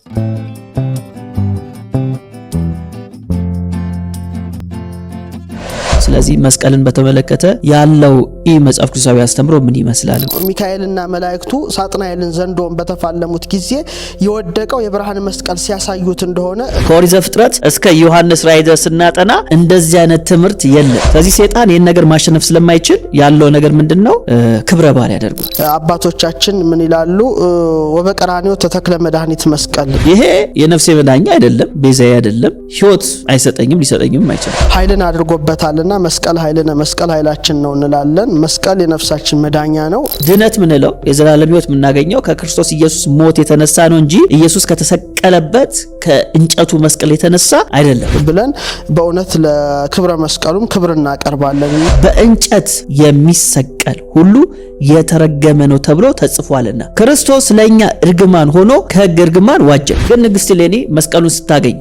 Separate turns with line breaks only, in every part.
Thank you. ስለዚህ መስቀልን በተመለከተ ያለው ይህ መጽሐፍ ቅዱሳዊ አስተምሮ ምን ይመስላል?
ሚካኤልና መላእክቱ ሳጥናኤልን ዘንዶን በተፋለሙት ጊዜ የወደቀው የብርሃን መስቀል ሲያሳዩት እንደሆነ
ከኦሪት ዘፍጥረት እስከ ዮሐንስ ራእይ ድረስ ስናጠና እንደዚህ አይነት ትምህርት የለም። ስለዚህ ሴጣን ይህን ነገር ማሸነፍ ስለማይችል ያለው ነገር ምንድን ነው? ክብረ በዓል ያደርጉ
አባቶቻችን ምን ይላሉ? ወበቀራኒዮ ተተክለ መድኃኒት መስቀል።
ይሄ የነፍሴ መዳኛ አይደለም፣ ቤዛዬ አይደለም፣ ህይወት አይሰጠኝም፣ ሊሰጠኝም አይችልም።
ኃይልን አድርጎበታልና መስቀል ኃይልነ መስቀል ኃይላችን ነው እንላለን። መስቀል የነፍሳችን መዳኛ ነው።
ድነት ምንለው የዘላለም ህይወት የምናገኘው ከክርስቶስ ኢየሱስ ሞት የተነሳ ነው እንጂ ኢየሱስ ከተሰቀለበት ከእንጨቱ መስቀል የተነሳ አይደለም
ብለን በእውነት ለክብረ መስቀሉም ክብር እናቀርባለን።
በእንጨት የሚሰቀል ሁሉ የተረገመ ነው ተብሎ ተጽፏልና ክርስቶስ ለእኛ እርግማን ሆኖ ከህግ እርግማን ዋጀ። ግን ንግስት እሌኒ መስቀሉን ስታገኝ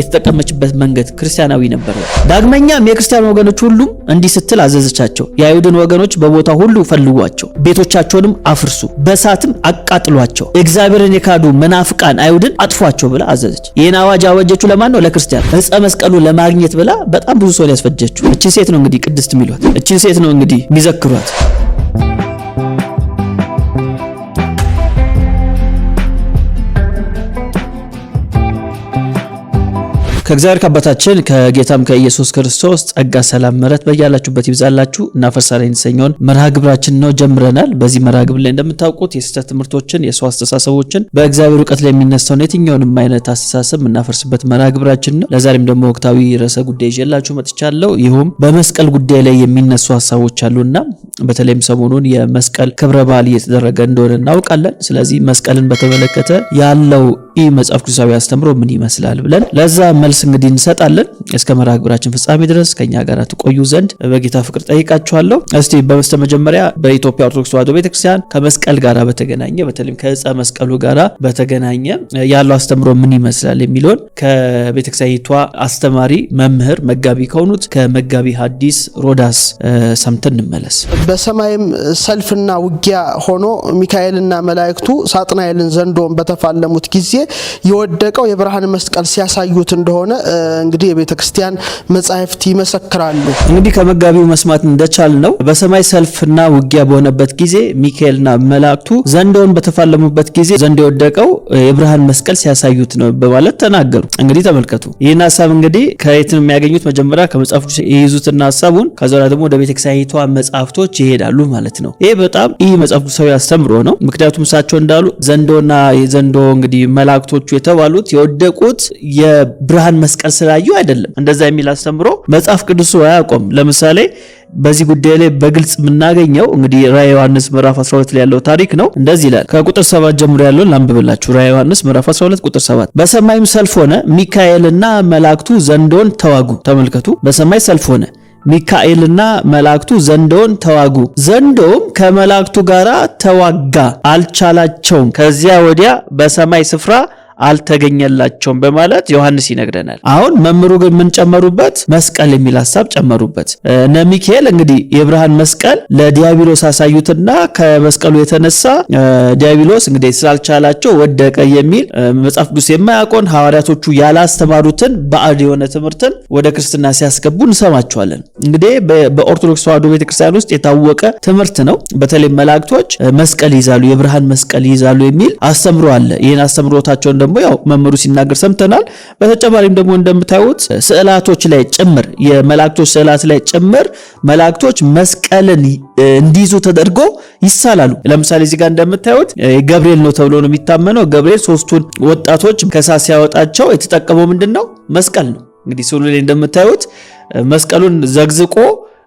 የተጠቀመችበት መንገድ ክርስቲያናዊ ነበር። ዳግመኛም የክርስቲያን ወገኖች ሁሉም እንዲህ ስትል አዘዘቻቸው፣ የአይሁድን ወገኖች በቦታ ሁሉ ፈልጓቸው፣ ቤቶቻቸውንም አፍርሱ፣ በእሳትም አቃጥሏቸው፣ እግዚአብሔርን የካዱ መናፍቃን አይሁድን አጥፏቸው ብላ አዘዘች። ይህን አዋጅ አወጀችው ለማን ነው? ለክርስቲያን። ዕፀ መስቀሉ ለማግኘት ብላ በጣም ብዙ ሰው ያስፈጀችው እቺን ሴት ነው። እንግዲህ ቅድስት የሚሏት እቺን ሴት ነው እንግዲህ የሚዘክሯት ከእግዚአብሔር ከአባታችን ከጌታም ከኢየሱስ ክርስቶስ ጸጋ፣ ሰላም፣ ምሕረት በያላችሁበት ይብዛላችሁ። እናፈርሳለን የተሰኘውን መርሃ ግብራችን ነው ጀምረናል። በዚህ መርሃ ግብር ላይ እንደምታውቁት የስህተት ትምህርቶችን፣ የሰው አስተሳሰቦችን በእግዚአብሔር እውቀት ላይ የሚነሳውን የትኛውንም አይነት አስተሳሰብ የምናፈርስበት መርሃ ግብራችን ነው። ለዛሬም ደግሞ ወቅታዊ ርዕሰ ጉዳይ ይዤላችሁ መጥቻለሁ። ይሁም በመስቀል ጉዳይ ላይ የሚነሱ ሀሳቦች አሉና በተለይም ሰሞኑን የመስቀል ክብረ በዓል እየተደረገ እንደሆነ እናውቃለን። ስለዚህ መስቀልን በተመለከተ ያለው ይህ መጽሐፍ ቅዱሳዊ አስተምሮ ምን ይመስላል ብለን ለዛ መልስ እንግዲህ እንሰጣለን። እስከ መርሃ ግብራችን ፍጻሜ ድረስ ከኛ ጋር ትቆዩ ዘንድ በጌታ ፍቅር ጠይቃችኋለሁ። እስቲ በመስተ መጀመሪያ በኢትዮጵያ ኦርቶዶክስ ተዋሕዶ ቤተክርስቲያን ከመስቀል ጋር በተገናኘ በተለይም ከእፀ መስቀሉ ጋር በተገናኘ ያለው አስተምሮ ምን ይመስላል የሚለውን ከቤተክርስቲያኒቷ አስተማሪ መምህር መጋቢ ከሆኑት ከመጋቢ ሐዲስ ሮዳስ ሰምተን እንመለስ።
በሰማይም ሰልፍና ውጊያ ሆኖ ሚካኤልና መላእክቱ ሳጥናኤልን ዘንዶን በተፋለሙት ጊዜ ጊዜ የወደቀው የብርሃን መስቀል ሲያሳዩት እንደሆነ እንግዲህ የቤተ ክርስቲያን መጻሕፍት ይመሰክራሉ።
እንግዲህ ከመጋቢው መስማት እንደቻል ነው በሰማይ ሰልፍና ውጊያ በሆነበት ጊዜ ሚካኤልና መላእክቱ ዘንዶውን በተፋለሙበት ጊዜ ዘንዶ የወደቀው የብርሃን መስቀል ሲያሳዩት ነው በማለት ተናገሩ። እንግዲህ ተመልከቱ። ይህን ሀሳብ እንግዲህ ከየት ነው የሚያገኙት? መጀመሪያ ከመጽሐፍ የይዙትና ሀሳቡን ከዛ ደግሞ ወደ ቤተክርስቲያኒቷ መጽሐፍቶች ይሄዳሉ ማለት ነው። ይሄ በጣም ይህ መጽሐፍ ሰው ያስተምሮ ነው። ምክንያቱም እሳቸው እንዳሉ ዘንዶና የዘንዶ እንግዲህ መላ መላእክቶቹ የተባሉት የወደቁት የብርሃን መስቀል ስላዩ አይደለም። እንደዛ የሚል አስተምሮ መጽሐፍ ቅዱሱ አያቆም። ለምሳሌ በዚህ ጉዳይ ላይ በግልጽ የምናገኘው እንግዲህ ራዕየ ዮሐንስ ምዕራፍ 12 ላይ ያለው ታሪክ ነው። እንደዚህ ይላል። ከቁጥር 7 ጀምሮ ያለውን ላንብብላችሁ። ራዕየ ዮሐንስ ምዕራፍ 12 ቁጥር 7 በሰማይም ሰልፍ ሆነ፣ ሚካኤልና መላእክቱ ዘንዶን ተዋጉ። ተመልከቱ፣ በሰማይ ሰልፍ ሆነ ሚካኤልና መላእክቱ ዘንዶውን ተዋጉ። ዘንዶውም ከመላእክቱ ጋር ተዋጋ፣ አልቻላቸውም። ከዚያ ወዲያ በሰማይ ስፍራ አልተገኘላቸውም በማለት ዮሐንስ ይነግረናል። አሁን መምህሩ ግን ምን ጨመሩበት? መስቀል የሚል ሀሳብ ጨመሩበት። እነ ሚካኤል እንግዲህ የብርሃን መስቀል ለዲያብሎስ አሳዩትና ከመስቀሉ የተነሳ ዲያብሎስ እንግዲህ ስላልቻላቸው ወደቀ የሚል መጽሐፍ ቅዱስ የማያውቀውን ሐዋርያቶቹ ያላስተማሩትን ባዕድ የሆነ ትምህርትን ወደ ክርስትና ሲያስገቡ እንሰማቸዋለን። እንግዲህ በኦርቶዶክስ ተዋዶ ቤተክርስቲያን ውስጥ የታወቀ ትምህርት ነው። በተለይ መላእክቶች መስቀል ይይዛሉ፣ የብርሃን መስቀል ይይዛሉ የሚል አስተምሮ አለ። ይህን አስተምሮታቸውን ደግሞ ያው መምህሩ ሲናገር ሰምተናል። በተጨማሪም ደግሞ እንደምታዩት ስዕላቶች ላይ ጭምር የመላእክቶች ስዕላት ላይ ጭምር መላእክቶች መስቀልን እንዲይዙ ተደርጎ ይሳላሉ። ለምሳሌ እዚህ ጋር እንደምታዩት ገብርኤል ነው ተብሎ ነው የሚታመነው። ገብርኤል ሶስቱን ወጣቶች ከእሳት ሲያወጣቸው የተጠቀመው ምንድን ነው? መስቀል ነው። እንግዲህ ስዕሉ ላይ እንደምታዩት መስቀሉን ዘግዝቆ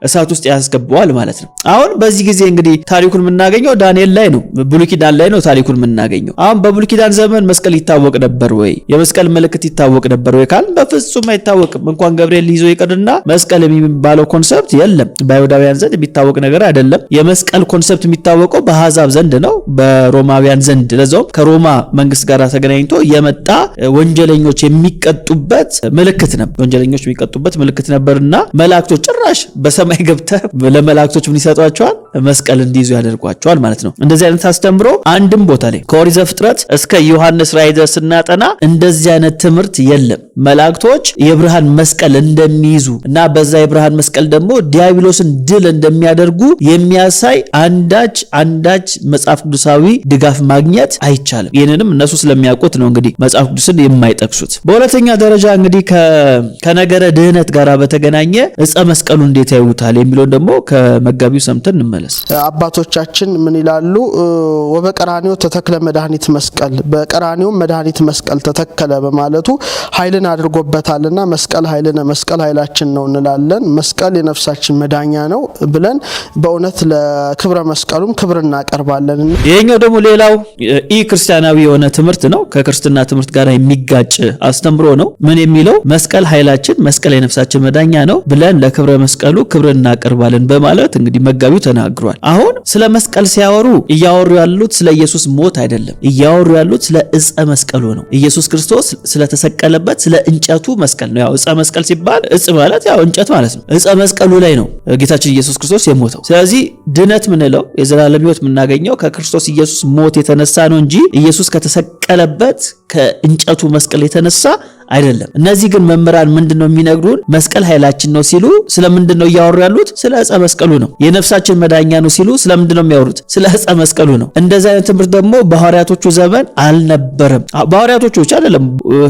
እሳት ውስጥ ያስገባዋል ማለት ነው። አሁን በዚህ ጊዜ እንግዲህ ታሪኩን የምናገኘው ዳንኤል ላይ ነው፣ ብሉይ ኪዳን ላይ ነው ታሪኩን የምናገኘው። አሁን በብሉይ ኪዳን ዘመን መስቀል ይታወቅ ነበር ወይ? የመስቀል ምልክት ይታወቅ ነበር ወይ ካል በፍጹም አይታወቅም። እንኳን ገብርኤል ይዞ ይቅርና መስቀል የሚባለው ኮንሰፕት የለም። በአይሁዳውያን ዘንድ የሚታወቅ ነገር አይደለም። የመስቀል ኮንሰፕት የሚታወቀው በአሕዛብ ዘንድ ነው፣ በሮማውያን ዘንድ ለዛውም ከሮማ መንግስት ጋር ተገናኝቶ የመጣ ወንጀለኞች የሚቀጡበት ምልክት ነበር። ወንጀለኞች የሚቀጡበት ምልክት ነበርና መላእክቶች ጭራሽ በሰማይ ላይ ገብተህ ለመላእክቶች ምን ይሰጧቸዋል? መስቀል እንዲይዙ ያደርጓቸዋል ማለት ነው። እንደዚህ አይነት አስተምሮ አንድም ቦታ ላይ ከኦሪት ዘፍጥረት እስከ ዮሐንስ ራእይ ድረስ ስናጠና እንደዚህ አይነት ትምህርት የለም። መላእክቶች የብርሃን መስቀል እንደሚይዙ እና በዛ የብርሃን መስቀል ደግሞ ዲያብሎስን ድል እንደሚያደርጉ የሚያሳይ አንዳች አንዳች መጽሐፍ ቅዱሳዊ ድጋፍ ማግኘት አይቻልም። ይህንንም እነሱ ስለሚያውቁት ነው እንግዲህ መጽሐፍ ቅዱስን የማይጠቅሱት። በሁለተኛ ደረጃ እንግዲህ ከነገረ ድህነት ጋር በተገናኘ እፀ መስቀሉ እንዴት ያዩታል የሚለውን ደግሞ ከመጋቢው ሰምተን እንመለ እንመለስ።
አባቶቻችን ምን ይላሉ? ወበቀራኒዮ ተተክለ መድኃኒት መስቀል፣ በቀራኒዮ መድኃኒት መስቀል ተተከለ በማለቱ ኃይልን አድርጎበታልና መስቀል ኃይልነ መስቀል ኃይላችን ነው እንላለን። መስቀል የነፍሳችን መዳኛ ነው ብለን በእውነት ለክብረ መስቀሉም ክብር እናቀርባለን።
ይህኛው ደግሞ ሌላው ኢ ክርስቲያናዊ የሆነ ትምህርት ነው። ከክርስትና ትምህርት ጋር የሚጋጭ አስተምሮ ነው። ምን የሚለው መስቀል ኃይላችን፣ መስቀል የነፍሳችን መዳኛ ነው ብለን ለክብረ መስቀሉ ክብር እናቀርባለን በማለት እንግዲህ መጋቢው ተናገ ተናግሯል። አሁን ስለ መስቀል ሲያወሩ እያወሩ ያሉት ስለ ኢየሱስ ሞት አይደለም። እያወሩ ያሉት ስለ እፀ መስቀሉ ነው። ኢየሱስ ክርስቶስ ስለተሰቀለበት ስለ እንጨቱ መስቀል ነው። ያው እፀ መስቀል ሲባል እጽ ማለት ያው እንጨት ማለት ነው። እፀ መስቀሉ ላይ ነው ጌታችን ኢየሱስ ክርስቶስ የሞተው። ስለዚህ ድነት ምንለው የዘላለም ህይወት የምናገኘው ከክርስቶስ ኢየሱስ ሞት የተነሳ ነው እንጂ ኢየሱስ ከተሰቀ ከተሰቀለበት ከእንጨቱ መስቀል የተነሳ አይደለም። እነዚህ ግን መምህራን ምንድን ነው የሚነግሩን? መስቀል ኃይላችን ነው ሲሉ ስለምንድን ነው እያወሩ ያሉት? ስለ ዕፀ መስቀሉ ነው። የነፍሳችን መዳኛ ነው ሲሉ ስለምንድን ነው የሚያወሩት? ስለ ዕፀ መስቀሉ ነው። እንደዚህ አይነት ትምህርት ደግሞ በሐዋርያቶቹ ዘመን አልነበረም። በሐዋርያቶቹ ብቻ አይደለም፣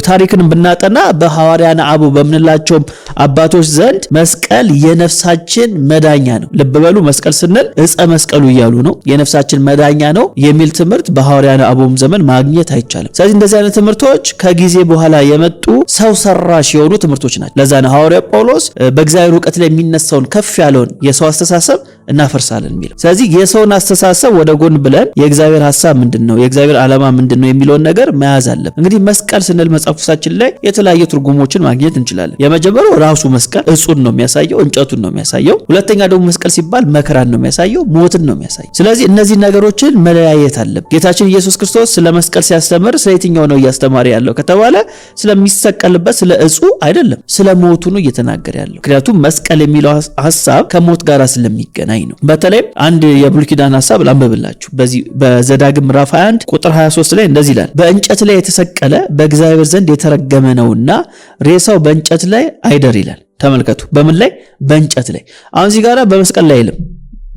ታሪክን ብናጠና በሐዋርያን አቡ በምንላቸውም አባቶች ዘንድ መስቀል የነፍሳችን መዳኛ ነው። ልብ በሉ መስቀል ስንል ዕፀ መስቀሉ እያሉ ነው። የነፍሳችን መዳኛ ነው የሚል ትምህርት በሐዋርያን አቡም ዘመን ማግኘት አይ አይቻልም። ስለዚህ እንደዚህ አይነት ትምህርቶች ከጊዜ በኋላ የመጡ ሰው ሰራሽ የሆኑ ትምህርቶች ናቸው። ለዛ ነው ሐዋርያ ጳውሎስ በእግዚአብሔር እውቀት ላይ የሚነሳውን ከፍ ያለውን የሰው አስተሳሰብ እናፈርሳለን የሚለው። ስለዚህ የሰውን አስተሳሰብ ወደ ጎን ብለን የእግዚአብሔር ሀሳብ ምንድን ነው፣ የእግዚአብሔር ዓላማ ምንድን ነው የሚለውን ነገር መያዝ አለብን። እንግዲህ መስቀል ስንል መጽሐፍ ቅዱሳችን ላይ የተለያየ ትርጉሞችን ማግኘት እንችላለን። የመጀመሪያው ራሱ መስቀል እጹን ነው የሚያሳየው፣ እንጨቱን ነው የሚያሳየው። ሁለተኛ ደግሞ መስቀል ሲባል መከራን ነው የሚያሳየው፣ ሞትን ነው የሚያሳየው። ስለዚህ እነዚህ ነገሮችን መለያየት አለብን። ጌታችን ኢየሱስ ክርስቶስ ስለ መስቀል ሲያስተምር ስለ የትኛው ነው እያስተማረ ያለው ከተባለ ስለሚሰቀልበት ስለ እጹ አይደለም፣ ስለ ሞቱ ነው እየተናገረ ያለው። ምክንያቱም መስቀል የሚለው ሀሳብ ከሞት ጋር ስለሚገናኝ የሚያገናኝ ነው። በተለይም አንድ የብሉይ ኪዳን ሀሳብ ላንብብላችሁ። በዚህ በዘዳግም ምዕራፍ 21 ቁጥር 23 ላይ እንደዚህ ይላል፣ በእንጨት ላይ የተሰቀለ በእግዚአብሔር ዘንድ የተረገመ ነውና ሬሳው በእንጨት ላይ አይደር ይላል። ተመልከቱ። በምን ላይ? በእንጨት ላይ። አሁን እዚህ ጋር በመስቀል ላይ አይልም።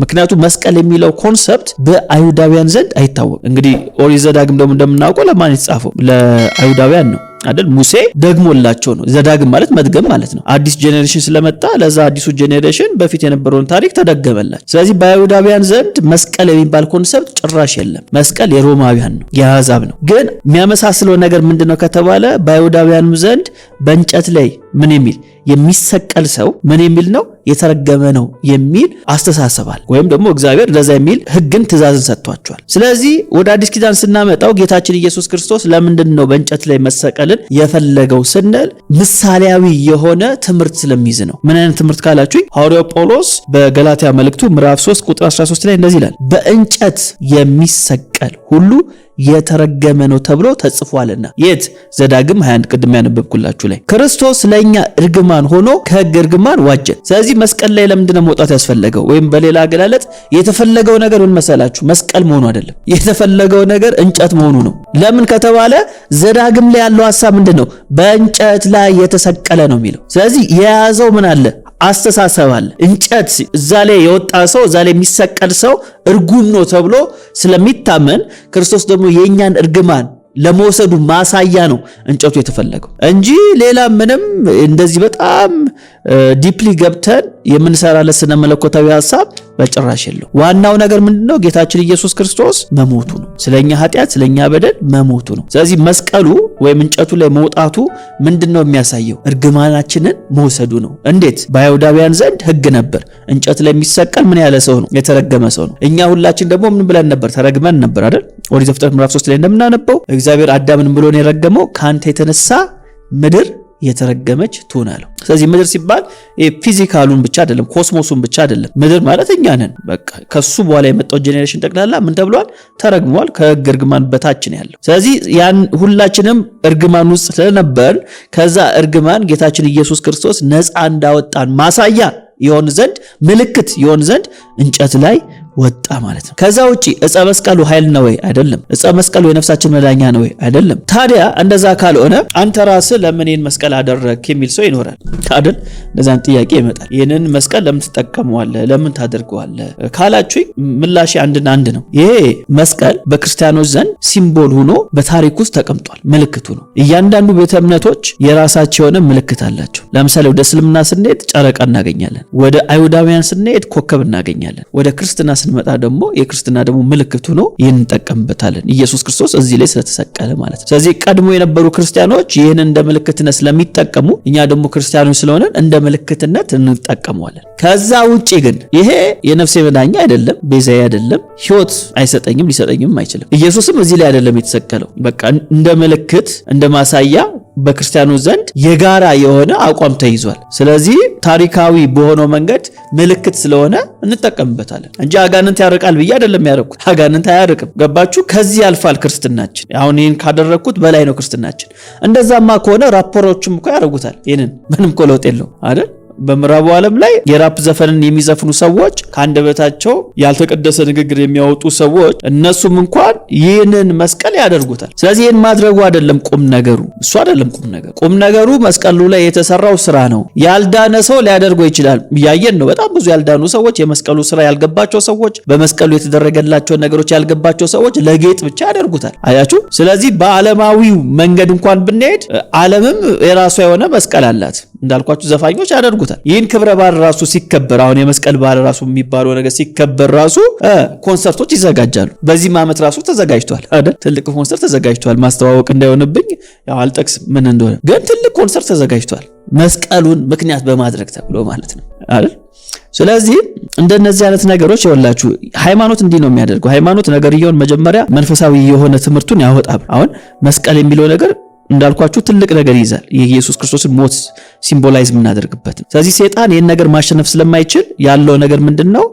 ምክንያቱም መስቀል የሚለው ኮንሰፕት በአይሁዳውያን ዘንድ አይታወቅም። እንግዲህ ኦሪት ዘዳግም ደግሞ እንደምናውቀው ለማን የተጻፈው? ለአይሁዳውያን ነው። አይደል ሙሴ ደግሞላቸው ነው። ዘዳግም ማለት መድገም ማለት ነው። አዲስ ጄኔሬሽን ስለመጣ ለዛ አዲሱ ጄኔሬሽን በፊት የነበረውን ታሪክ ተደገመላቸው። ስለዚህ በአይሁዳውያን ዘንድ መስቀል የሚባል ኮንሰፕት ጭራሽ የለም። መስቀል የሮማውያን ነው፣ የአሕዛብ ነው። ግን የሚያመሳስለው ነገር ምንድን ነው ከተባለ በአይሁዳውያኑ ዘንድ በእንጨት ላይ ምን የሚል የሚሰቀል ሰው ምን የሚል ነው የተረገመ ነው የሚል አስተሳሰባል ወይም ደግሞ እግዚአብሔር ለዛ የሚል ህግን ትእዛዝን ሰጥቷቸዋል። ስለዚህ ወደ አዲስ ኪዳን ስናመጣው ጌታችን ኢየሱስ ክርስቶስ ለምንድን ነው በእንጨት ላይ መሰቀልን የፈለገው ስንል ምሳሌያዊ የሆነ ትምህርት ስለሚይዝ ነው። ምን አይነት ትምህርት ካላችሁ ሐዋርያው ጳውሎስ በገላትያ መልእክቱ ምዕራፍ 3 ቁጥር 13 ላይ እንደዚህ ይላል በእንጨት የሚሰቀል መስቀል ሁሉ የተረገመ ነው ተብሎ ተጽፏልና የት ዘዳግም 21 ቅድም ያነበብኩላችሁ ላይ ክርስቶስ ለእኛ እርግማን ሆኖ ከህግ እርግማን ዋጀን። ስለዚህ መስቀል ላይ ለምንድነው መውጣት ያስፈለገው? ወይም በሌላ አገላለጽ የተፈለገው ነገር ምን መሰላችሁ? መስቀል መሆኑ አይደለም። የተፈለገው ነገር እንጨት መሆኑ ነው። ለምን ከተባለ ዘዳግም ላይ ያለው ሀሳብ ምንድን ነው? በእንጨት ላይ የተሰቀለ ነው የሚለው። ስለዚህ የያዘው ምን አለ አስተሳሰብ አለ። እንጨት እዛ ላይ የወጣ ሰው እዛ ላይ የሚሰቀል ሰው እርጉም ነው ተብሎ ስለሚታመን ክርስቶስ ደግሞ የእኛን እርግማን ለመውሰዱ ማሳያ ነው እንጨቱ የተፈለገው እንጂ ሌላ ምንም እንደዚህ በጣም ዲፕሊ ገብተን የምንሰራለት ስነ መለኮታዊ ሀሳብ በጭራሽ የለው። ዋናው ነገር ምንድነው? ጌታችን ኢየሱስ ክርስቶስ መሞቱ ነው። ስለኛ ኃጢአት፣ ስለኛ በደል መሞቱ ነው። ስለዚህ መስቀሉ ወይም እንጨቱ ላይ መውጣቱ ምንድነው የሚያሳየው? እርግማናችንን መውሰዱ ነው። እንዴት? በአይሁዳውያን ዘንድ ህግ ነበር። እንጨት ላይ የሚሰቀል ምን ያለ ሰው ነው? የተረገመ ሰው ነው። እኛ ሁላችን ደግሞ ምን ብለን ነበር? ተረግመን ነበር አይደል? ኦሪት ዘፍጥረት ምዕራፍ 3 ላይ እንደምናነበው እግዚአብሔር አዳምን ብሎ ነው የረገመው ከአንተ የተነሳ ምድር የተረገመች ትሆን አለው። ስለዚህ ምድር ሲባል ፊዚካሉን ብቻ አይደለም፣ ኮስሞሱን ብቻ አይደለም። ምድር ማለት እኛ ነን። በቃ ከሱ በኋላ የመጣው ጄኔሬሽን ጠቅላላ ምን ተብሏል? ተረግሟል። ከህግ እርግማን በታችን ያለው። ስለዚህ ያን ሁላችንም እርግማን ውስጥ ስለነበር ከዛ እርግማን ጌታችን ኢየሱስ ክርስቶስ ነፃ እንዳወጣን ማሳያ የሆን ዘንድ ምልክት የሆን ዘንድ እንጨት ላይ ወጣ ማለት ነው። ከዛ ውጪ እጸ መስቀሉ ኃይል ነው ወይ? አይደለም። እጸ መስቀሉ የነፍሳችን መዳኛ ነው ወይ? አይደለም። ታዲያ እንደዛ ካልሆነ አንተ ራስህ ለምን ይህን መስቀል አደረግክ የሚል ሰው ይኖራል አይደል? እንደዛን ጥያቄ ይመጣል። ይህንን መስቀል ለምን ትጠቀመዋለህ? ለምን ታደርገዋለህ ካላችሁኝ ምላሽ አንድና አንድ ነው። ይሄ መስቀል በክርስቲያኖች ዘንድ ሲምቦል ሆኖ በታሪክ ውስጥ ተቀምጧል። ምልክቱ ነው። እያንዳንዱ ቤተ እምነቶች የራሳቸው የሆነ ምልክት አላቸው። ለምሳሌ ወደ እስልምና ስንሄድ ጨረቃ እናገኛለን። ወደ አይሁዳውያን ስንሄድ ኮከብ እናገኛለን። ወደ ክርስትና ስንመጣ ደግሞ የክርስትና ደግሞ ምልክቱ ነው። ይህን እንጠቀምበታለን። ኢየሱስ ክርስቶስ እዚህ ላይ ስለተሰቀለ ማለት ነው። ስለዚህ ቀድሞ የነበሩ ክርስቲያኖች ይህን እንደ ምልክትነት ስለሚጠቀሙ፣ እኛ ደግሞ ክርስቲያኖች ስለሆነን እንደ ምልክትነት እንጠቀመዋለን። ከዛ ውጭ ግን ይሄ የነፍሴ መዳኛ አይደለም፣ ቤዛዬ አይደለም፣ ህይወት አይሰጠኝም፣ ሊሰጠኝም አይችልም። ኢየሱስም እዚህ ላይ አይደለም የተሰቀለው። በቃ እንደ ምልክት እንደ ማሳያ በክርስቲያኑ ዘንድ የጋራ የሆነ አቋም ተይዟል። ስለዚህ ታሪካዊ በሆነው መንገድ ምልክት ስለሆነ እንጠቀምበታለን እንጂ አጋንንት ያርቃል ብዬ አይደለም ያደረኩት። አጋንንት አያርቅም። ገባችሁ? ከዚህ ያልፋል ክርስትናችን። አሁን ይህን ካደረግኩት በላይ ነው ክርስትናችን። እንደዛማ ከሆነ ራፖሮችም እኮ ያደርጉታል። ይህንን ምንም እኮ ለውጥ የለውም አይደል? በምዕራቡ ዓለም ላይ የራፕ ዘፈንን የሚዘፍኑ ሰዎች ከአንደበታቸው ያልተቀደሰ ንግግር የሚያወጡ ሰዎች እነሱም እንኳን ይህንን መስቀል ያደርጉታል። ስለዚህ ይህን ማድረጉ አይደለም ቁም ነገሩ፣ እሱ አይደለም ቁም ነገሩ። ቁም ነገሩ መስቀሉ ላይ የተሰራው ስራ ነው። ያልዳነ ሰው ሊያደርገው ይችላል። እያየን ነው። በጣም ብዙ ያልዳኑ ሰዎች፣ የመስቀሉ ስራ ያልገባቸው ሰዎች፣ በመስቀሉ የተደረገላቸውን ነገሮች ያልገባቸው ሰዎች ለጌጥ ብቻ ያደርጉታል። አያችሁ። ስለዚህ በዓለማዊው መንገድ እንኳን ብንሄድ ዓለምም የራሷ የሆነ መስቀል አላት። እንዳልኳችሁ ዘፋኞች ያደርጉታል። ይህን ክብረ በዓል ራሱ ሲከበር አሁን የመስቀል በዓል ራሱ የሚባለው ነገር ሲከበር ራሱ ኮንሰርቶች ይዘጋጃሉ። በዚህም ዓመት ራሱ ተዘጋጅቷል አይደል? ትልቅ ኮንሰርት ተዘጋጅቷል። ማስተዋወቅ እንዳይሆንብኝ ያው አልጠቅስ ምን እንደሆነ ግን ትልቅ ኮንሰርት ተዘጋጅቷል። መስቀሉን ምክንያት በማድረግ ተብሎ ማለት ነው አይደል? ስለዚህ እንደነዚህ አይነት ነገሮች ይወላችሁ ሃይማኖት እንዲህ ነው የሚያደርገው። ሃይማኖት ነገርየውን መጀመሪያ መንፈሳዊ የሆነ ትምህርቱን ያወጣል። አሁን መስቀል የሚለው ነገር እንዳልኳችሁ ትልቅ ነገር ይይዛል። የኢየሱስ ክርስቶስን ሞት ሲምቦላይዝ የምናደርግበት ነው። ስለዚህ ሴጣን ይህን ነገር ማሸነፍ ስለማይችል ያለው ነገር ምንድን ነው?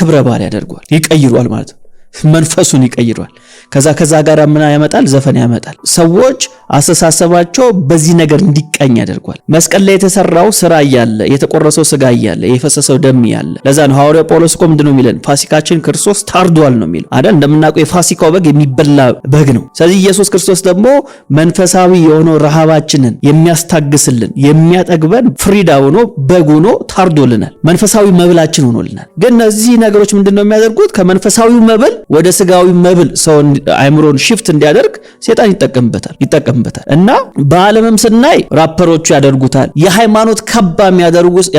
ክብረ በዓል ያደርገዋል፣ ይቀይሯል ማለት ነው። መንፈሱን ይቀይሯል ከዛ ከዛ ጋር ምን ያመጣል? ዘፈን ያመጣል። ሰዎች አስተሳሰባቸው በዚህ ነገር እንዲቀኝ ያደርጓል። መስቀል ላይ የተሰራው ስራ እያለ የተቆረሰው ስጋ እያለ የፈሰሰው ደም እያለ ለዛ ነው ሐዋርያው ጳውሎስ እኮ ምንድነው የሚለን? ፋሲካችን ክርስቶስ ታርዷል ነው የሚለው አይደል? እንደምናውቀው የፋሲካው በግ የሚበላ በግ ነው። ስለዚህ ኢየሱስ ክርስቶስ ደግሞ መንፈሳዊ የሆነው ረሃባችንን የሚያስታግስልን የሚያጠግበን ፍሪዳ ሆኖ በግ ሆኖ ታርዶልናል። መንፈሳዊ መብላችን ሆኖልናል። ግን እነዚህ ነገሮች ምንድነው የሚያደርጉት? ከመንፈሳዊው መብል ወደ ስጋዊ መብል ሰው አይምሮን ሽፍት እንዲያደርግ ሴጣን ይጠቀምበታል ይጠቀምበታል እና በዓለምም ስናይ ራፐሮቹ ያደርጉታል። የሃይማኖት ከባ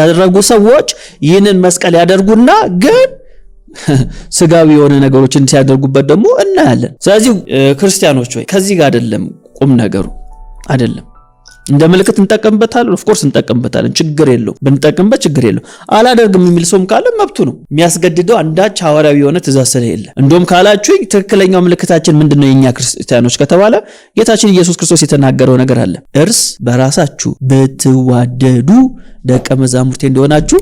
ያደረጉ ሰዎች ይህንን መስቀል ያደርጉና ግን ስጋዊ የሆነ ነገሮችን ሲያደርጉበት ደግሞ እናያለን። ስለዚህ ክርስቲያኖች ወይ ከዚህ ጋር አይደለም ቁም ነገሩ አይደለም። እንደ ምልክት እንጠቀምበታለን። ኦፍኮርስ እንጠቀምበታለን፣ ችግር የለው ብንጠቀምበት ችግር የለው። አላደርግም የሚል ሰውም ካለ መብቱ ነው። የሚያስገድደው አንዳች ሐዋርያዊ የሆነ ትእዛዝ ስለሌለ፣ እንደውም ካላችሁ ትክክለኛው ምልክታችን ምንድን ነው የእኛ ክርስቲያኖች ከተባለ ጌታችን ኢየሱስ ክርስቶስ የተናገረው ነገር አለ። እርስ በራሳችሁ ብትዋደዱ ደቀ መዛሙርቴ እንደሆናችሁ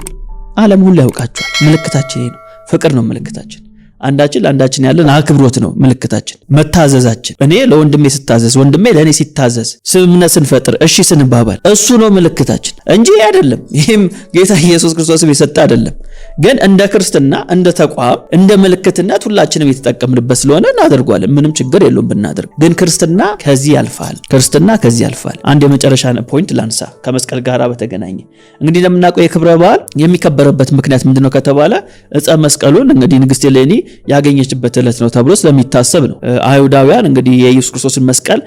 ዓለም ሁሉ ያውቃችኋል። ምልክታችን ይሄ ነው። ፍቅር ነው ምልክታችን። አንዳችን ለአንዳችን ያለን አክብሮት ነው ምልክታችን፣ መታዘዛችን። እኔ ለወንድሜ ስታዘዝ፣ ወንድሜ ለእኔ ሲታዘዝ፣ ስምምነት ስንፈጥር፣ እሺ ስንባባል እሱ ነው ምልክታችን እንጂ አይደለም። ይህም ጌታ ኢየሱስ ክርስቶስም የሰጠ አይደለም። ግን እንደ ክርስትና፣ እንደ ተቋም፣ እንደ ምልክትነት ሁላችንም የተጠቀምንበት ስለሆነ እናደርጓለን። ምንም ችግር የለውም ብናደርግ። ግን ክርስትና ከዚህ ያልፋል። ክርስትና ከዚህ ያልፋል። አንድ የመጨረሻ ፖይንት ላንሳ ከመስቀል ጋር በተገናኘ እንግዲህ እንደምናውቀው የክብረ በዓል የሚከበረበት ምክንያት ምንድነው ከተባለ ዕፀ መስቀሉን እንግዲህ ንግስት ሌኒ ያገኘችበት ዕለት ነው ተብሎ ስለሚታሰብ ነው። አይሁዳውያን እንግዲህ የኢየሱስ ክርስቶስን መስቀል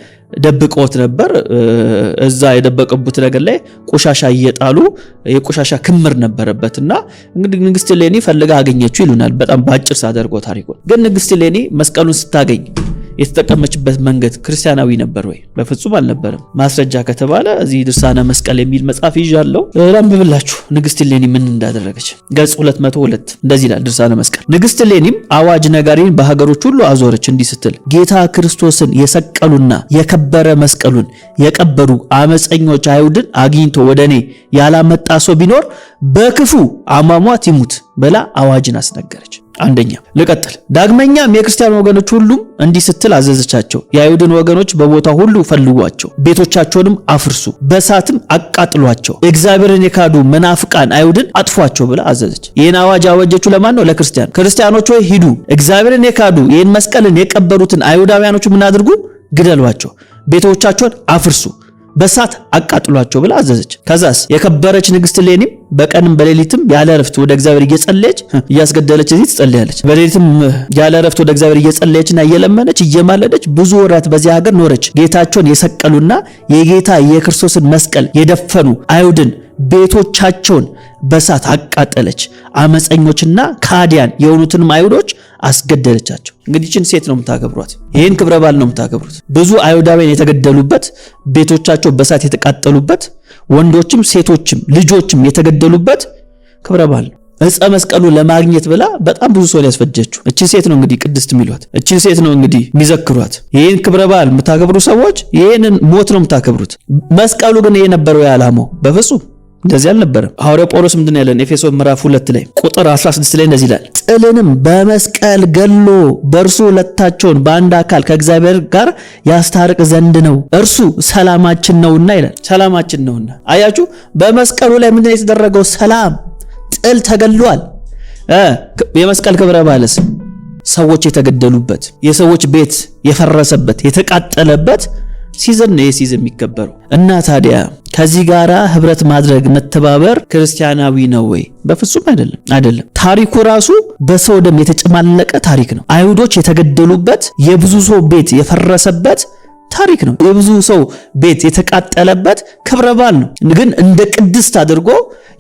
ደብቀውት ነበር። እዛ የደበቀቡት ነገር ላይ ቆሻሻ እየጣሉ የቆሻሻ ክምር ነበረበት እና እንግዲህ ንግስት ሌኒ ፈልጋ አገኘችው ይሉናል። በጣም በአጭር ሳደርጎ ታሪኩን ግን ንግስት ሌኒ መስቀሉን ስታገኝ የተጠቀመችበት መንገድ ክርስቲያናዊ ነበር ወይ? በፍጹም አልነበረም። ማስረጃ ከተባለ እዚህ ድርሳነ መስቀል የሚል መጽሐፍ ይዣለሁ፣ ላንብብላችሁ። ንግስት ሌኒ ምን እንዳደረገች ገጽ 202 እንደዚህ ይላል ድርሳነ መስቀል። ንግስት ሌኒም አዋጅ ነጋሪን በሀገሮች ሁሉ አዞረች እንዲህ ስትል ጌታ ክርስቶስን የሰቀሉና የከበረ መስቀሉን የቀበሩ አመፀኞች አይሁድን አግኝቶ ወደ እኔ ያላመጣ ሰው ቢኖር በክፉ አሟሟት ይሙት ብላ አዋጅን አስነገረች። አንደኛ ልቀጥል። ዳግመኛም የክርስቲያን ወገኖች ሁሉም እንዲህ ስትል አዘዘቻቸው፣ የአይሁድን ወገኖች በቦታ ሁሉ ፈልጓቸው፣ ቤቶቻቸውንም አፍርሱ፣ በእሳትም አቃጥሏቸው፣ እግዚአብሔርን የካዱ መናፍቃን አይሁድን አጥፏቸው ብላ አዘዘች። ይህን አዋጅ አወጀችው ለማን ነው? ለክርስቲያን። ክርስቲያኖች ሆይ ሂዱ፣ እግዚአብሔርን የካዱ ይህን መስቀልን የቀበሉትን አይሁዳውያኖች ምን አድርጉ? ግደሏቸው፣ ቤቶቻቸውን አፍርሱ በሳት አቃጥሏቸው ብላ አዘዘች። ከዛስ የከበረች ንግስት ሌኒም በቀንም በሌሊትም ያለ እረፍት ወደ እግዚአብሔር እየጸለየች እያስገደለች እዚህ ትጸልያለች። በሌሊትም ያለ እረፍት ወደ እግዚአብሔር እየጸለየችና እየለመነች እየማለደች ብዙ ወራት በዚህ ሀገር ኖረች። ጌታቸውን የሰቀሉና የጌታ የክርስቶስን መስቀል የደፈኑ አይሁድን ቤቶቻቸውን በሳት አቃጠለች። አመፀኞችና ካዲያን የሆኑትንም አይሁዶች አስገደለቻቸው። እንግዲህ ይችን ሴት ነው የምታከብሯት። ይህን ክብረ በዓል ነው የምታከብሩት። ብዙ አይሁዳውያን የተገደሉበት፣ ቤቶቻቸው በሳት የተቃጠሉበት፣ ወንዶችም ሴቶችም ልጆችም የተገደሉበት ክብረ በዓል ነው። መስቀሉ ለማግኘት ብላ በጣም ብዙ ሰው ያስፈጀችው እቺ ሴት ነው። እንግዲህ ቅድስት የሚሏት እቺ ሴት ነው እንግዲህ የሚዘክሯት። ይህን ክብረ በዓል የምታከብሩ ሰዎች ይህንን ሞት ነው የምታከብሩት። መስቀሉ ግን ይሄ ነበረው የዓላማው በፍጹም እንደዚህ አልነበረም። ሐዋርያው ጳውሎስ ምንድን ያለን ኤፌሶን ምዕራፍ ሁለት ላይ ቁጥር 16 ላይ እንደዚህ ይላል፣ ጥልንም በመስቀል ገሎ በእርሱ ሁለታቸውን በአንድ አካል ከእግዚአብሔር ጋር ያስታርቅ ዘንድ ነው፣ እርሱ ሰላማችን ነውና ይላል። ሰላማችን ነውና። አያችሁ፣ በመስቀሉ ላይ ምንድን የተደረገው ሰላም፣ ጥል ተገሏል። የመስቀል ክብረ ባለስ ሰዎች የተገደሉበት የሰዎች ቤት የፈረሰበት የተቃጠለበት ሲዝን ነው የሲዝን የሚከበረው እና ታዲያ ከዚህ ጋር ህብረት ማድረግ መተባበር ክርስቲያናዊ ነው ወይ? በፍጹም አይደለም። አይደለም። ታሪኩ ራሱ በሰው ደም የተጨማለቀ ታሪክ ነው። አይሁዶች የተገደሉበት፣ የብዙ ሰው ቤት የፈረሰበት ታሪክ ነው። የብዙ ሰው ቤት የተቃጠለበት ክብረ በዓል ነው። ግን እንደ ቅድስት አድርጎ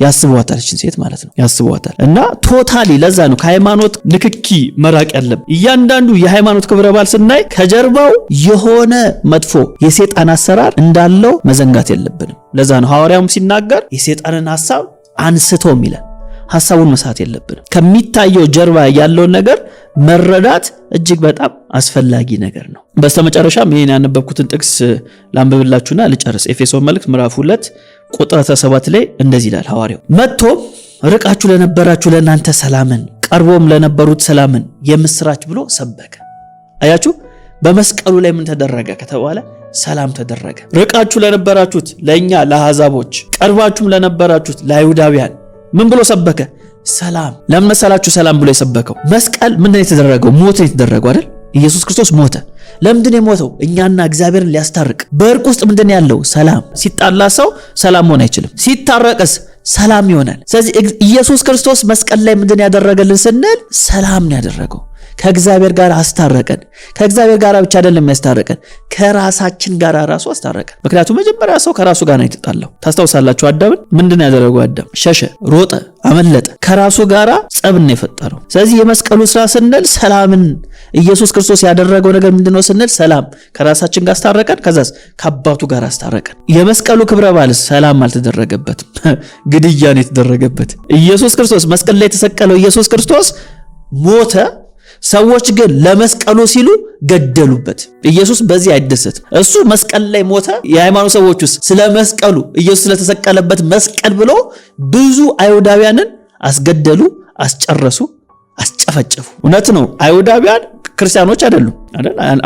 ያስቧታል እችን ሴት ማለት ነው ያስቧታል። እና ቶታሊ ለዛ ነው ከሃይማኖት ንክኪ መራቅ ያለብን። እያንዳንዱ የሃይማኖት ክብረ በዓል ስናይ ከጀርባው የሆነ መጥፎ የሴጣን አሰራር እንዳለው መዘንጋት የለብንም። ለዛ ነው ሐዋርያውም ሲናገር የሴጣንን ሀሳብ አንስቶም ይለን ሀሳቡን መሳት የለብንም። ከሚታየው ጀርባ ያለውን ነገር መረዳት እጅግ በጣም አስፈላጊ ነገር ነው። በስተመጨረሻም ይህን ያነበብኩትን ጥቅስ ላንብብላችሁና ልጨርስ። ኤፌሶን መልእክት ምዕራፍ 2 ቁጥር 17 ላይ እንደዚህ ይላል ሐዋርያው መጥቶም ርቃችሁ ለነበራችሁ ለእናንተ ሰላምን ቀርቦም ለነበሩት ሰላምን የምስራች ብሎ ሰበከ። አያችሁ በመስቀሉ ላይ ምን ተደረገ ከተባለ ሰላም ተደረገ። ርቃችሁ ለነበራችሁት ለእኛ ለአሕዛቦች ቀርባችሁም ለነበራችሁት ለአይሁዳውያን ምን ብሎ ሰበከ? ሰላም። ለምን መሰላችሁ ሰላም ብሎ የሰበከው? መስቀል ምንድን የተደረገው? ሞት የተደረገው አይደል? ኢየሱስ ክርስቶስ ሞተ። ለምንድን የሞተው? እኛና እግዚአብሔርን ሊያስታርቅ። በእርቅ ውስጥ ምንድን ያለው? ሰላም። ሲጣላ ሰው ሰላም መሆን አይችልም። ሲታረቅስ ሰላም ይሆናል። ስለዚህ ኢየሱስ ክርስቶስ መስቀል ላይ ምንድን ያደረገልን ስንል ሰላም ነው ያደረገው። ከእግዚአብሔር ጋር አስታረቀን። ከእግዚአብሔር ጋር ብቻ አይደለም ያስታረቀን፣ ከራሳችን ጋር ራሱ አስታረቀን። ምክንያቱም መጀመሪያ ሰው ከራሱ ጋር ነው የተጣላው። ታስታውሳላችሁ፣ አዳምን ምንድን ያደረገው? አዳም ሸሸ፣ ሮጠ፣ አመለጠ። ከራሱ ጋር ጸብን የፈጠረው። ስለዚህ የመስቀሉ ስራ ስንል ሰላምን ኢየሱስ ክርስቶስ ያደረገው ነገር ምንድነው ስንል ሰላም ከራሳችን ጋር አስታረቀን፣ ከዛስ ከአባቱ ጋር አስታረቀን። የመስቀሉ ክብረ በዓልስ ሰላም አልተደረገበትም፣ ግድያ ነው የተደረገበት። ኢየሱስ ክርስቶስ መስቀል ላይ የተሰቀለው ኢየሱስ ክርስቶስ ሞተ። ሰዎች ግን ለመስቀሉ ሲሉ ገደሉበት። ኢየሱስ በዚህ አይደሰትም። እሱ መስቀል ላይ ሞተ። የሃይማኖት ሰዎች ውስጥ ስለ መስቀሉ ኢየሱስ ስለተሰቀለበት መስቀል ብሎ ብዙ አይሁዳውያንን አስገደሉ፣ አስጨረሱ፣ አስጨፈጨፉ። እውነት ነው አይሁዳውያን ክርስቲያኖች አይደሉም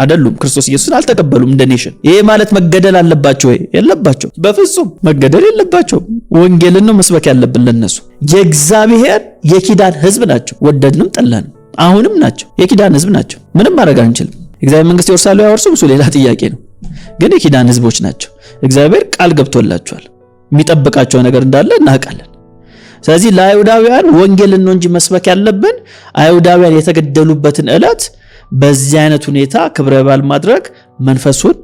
አይደሉም፣ ክርስቶስ ኢየሱስን አልተቀበሉም እንደ ኔሽን። ይሄ ማለት መገደል አለባቸው ወይ? የለባቸው፣ በፍጹም መገደል የለባቸው። ወንጌልን ነው መስበክ ያለብን ለነሱ። የእግዚአብሔር የኪዳን ህዝብ ናቸው፣ ወደድንም ጠላንም አሁንም ናቸው። የኪዳን ህዝብ ናቸው። ምንም ማድረግ አንችልም። እግዚአብሔር መንግስት ይወርሳሉ ያወርሱም፣ እሱ ሌላ ጥያቄ ነው። ግን የኪዳን ህዝቦች ናቸው። እግዚአብሔር ቃል ገብቶላቸዋል። የሚጠብቃቸው ነገር እንዳለ እናውቃለን። ስለዚህ ለአይሁዳውያን ወንጌልን ነው እንጂ መስበክ ያለብን አይሁዳውያን የተገደሉበትን ዕለት በዚህ አይነት ሁኔታ ክብረ በዓል ማድረግ መንፈሱን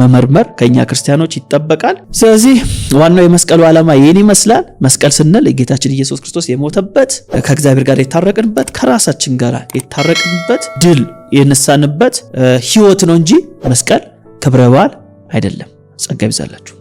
መመርመር ከኛ ክርስቲያኖች ይጠበቃል። ስለዚህ ዋናው የመስቀሉ ዓላማ ይህን ይመስላል። መስቀል ስንል የጌታችን ኢየሱስ ክርስቶስ የሞተበት፣ ከእግዚአብሔር ጋር የታረቅንበት፣ ከራሳችን ጋር የታረቅንበት፣ ድል የነሳንበት ህይወት ነው እንጂ መስቀል ክብረ በዓል አይደለም። ጸጋ ይብዛላችሁ።